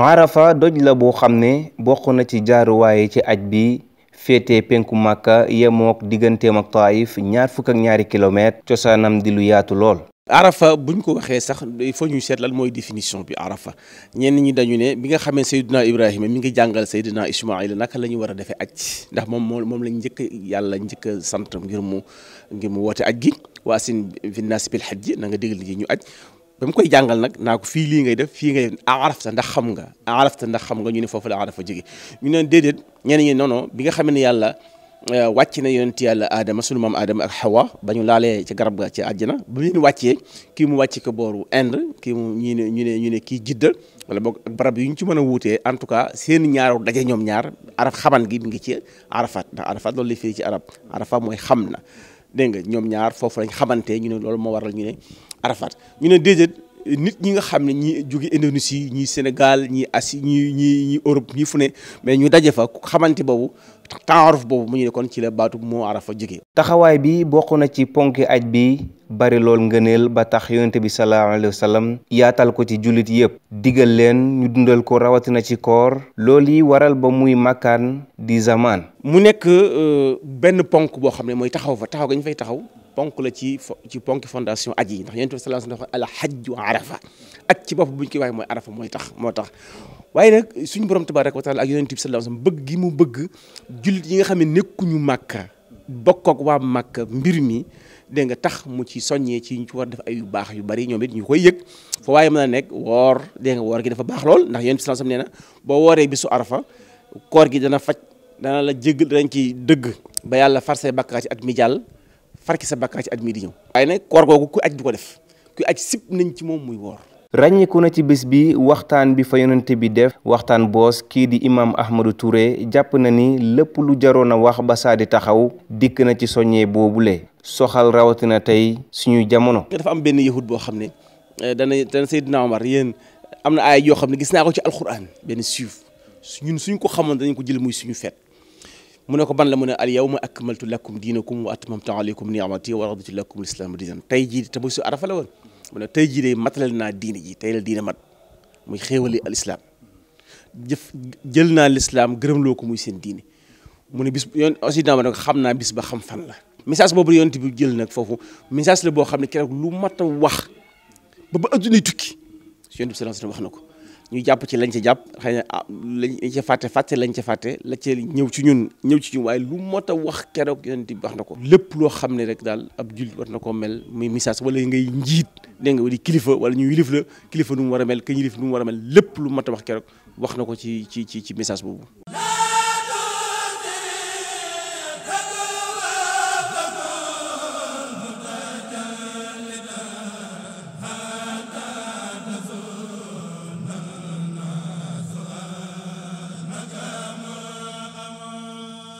arafa doj la boo xam ne bokk na ci jaaruwaay ci aj bi féete penku màkka yemook digganteem ak taayif ñaar fukk ak ñaari kilomètre cosaanam di lu yaatu lool arafa buñ ko waxee sax il faut ñuy seet lan mooy définition bi arafa ñenn ñi dañu ne bi nga xamee sayduna ibrahima mi ngi jàngal sayduna ismaila naka la ñu war a defee aj ndax moom moo moom lañ njëkk yàlla njëkk a sant ngir mu ngir mu woote aj gi waa sin fi naas bil hajji na nga digal ji ñu aj ba mu koy jàngal nag naa ko fii lii ngay def fii ngay arafta ndax xam nga arafta ndax xam nga ñu ne foofu la arafa jóge ñu ne déedéet ñeneen ñi non bi nga xam ne yàlla euh, wàcc na yonent yàlla aadama sunu maam aadama ak xawa ba ñu laalee ci garab ga ci àjjana ba leen wàccee kii mu wàcc ko booru Inde kii mu ñu ne ñu ne ñu ne kii jidda wala boog ak barab yu ñu ci mën a wuutee en tout cas seen ñaaru daje ñoom ñaar araf xaman gi mi ngi ci arafat ndax arafat loolu lay ci arab arafa mooy xam na dégg nga ñoom ñaar foofu lañ xamante ñu ne loolu moo waral ñu ne Arafat ñu ne déedéet nit ñi nga xam ne ñi jóge Indonésie ñii Sénégal ñii assi ñii ñii ñii Europe ñii fu ne mais ñu daje fa xamante boobu taaruf boobu mu ñu ne kon ci la baatu moo arafa jóge taxawaay bi bokk na ci ponki aj bi bari lool ngëneel ba tax yonente bi sallallahu alayhi wa sallam yaatal ko ci jullit yépp digal leen ñu dundal ko rawatina ci koor lool yi waral ba muy makkaan di zamaan mu nekk euh, benn ponk boo xam ne mooy taxaw fa taxaw gañ fay taxaw ponk la ci ci ponk fondation aj yi ndax yonent bi sallallahu alayhi wa sallam alhajju arafa ak ci bopp buñ koy waaye mooy arafa mooy tax moo tax waaye nag suñu borom tabaaraka wa taala ak yonent bi sallallahu alayhi wa sallam mu bëgg jullit yi nga xam ne nekkuñu màkka bokk ak waa màkka mbir mi dégg nga tax mu ci soññee ci ñu ci def ay yu baax yu bari ñoom it ñu koy yëg fa waaye mën a nekk woor dégg nga woor gi dafa baax lool ndax yonent bi sallallahu alayhi nee na boo wooree bisu arafa koor gi dana faj dana la jéggal danañ ci dëgg ba yàlla far say bàkkaar ci mi jàll farki sa bakka ci at mii di ñëw waaye nag koor googu ku aj du ko def ku aj sib nañ ci moom muy woor ràññiku na ci bés bi waxtaan bi fa yonente bi def waxtaan boos kii di imam Ahmadou Touré jàpp na ni lépp lu jaroon a wax ba saa di taxaw dikk na ci soññee boobule soxal rawatina tey suñuy jamono. dafa am benn yahud boo xam ne eh, dana dana Seydina Omar yéen am na ay yoo xam ne gis naa ko ci alxuraan benn suuf ñun suñ ko xamoon dañ ko jël muy suñu fet mu ne ko ban la mu ne al yawma akmaltu lakum diinakum wa atmamtu alaykum ni'mati wa raditu lakum lislaama diinan tey jii te bu su arafa la woon mu ne tey jii de matalal naa diini ji tey la diine mat muy xéewali al jëf jël naa lislaam gërëm loo ko muy seen diini mu ne bis yoon aussi dama nag xam naa bis ba xam fan la message boobu yonent bi jël nag foofu message la boo xam ne keroog lu mat a wax ba ba addunay tukki yonent bi sallallahu alayhi wasallam wax na ko ñu jàpp ci lañ ci jàpp xëy na ah lañ ci fàtte fàtte lañ ci fàtte la ci ñëw ci ñun ñëw ci ñun waaye lu mot a wax keroog yonent bi wax na ko lépp loo xam ne rek daal ab jullit war na koo mel muy message wala ngay njiit dégg nga di kilifa wala ñu yilif la kilifa nu mu war a mel ka yilif nu mu war a mel lépp lu mot a wax keroog wax na ko ci ci ci ci message boobu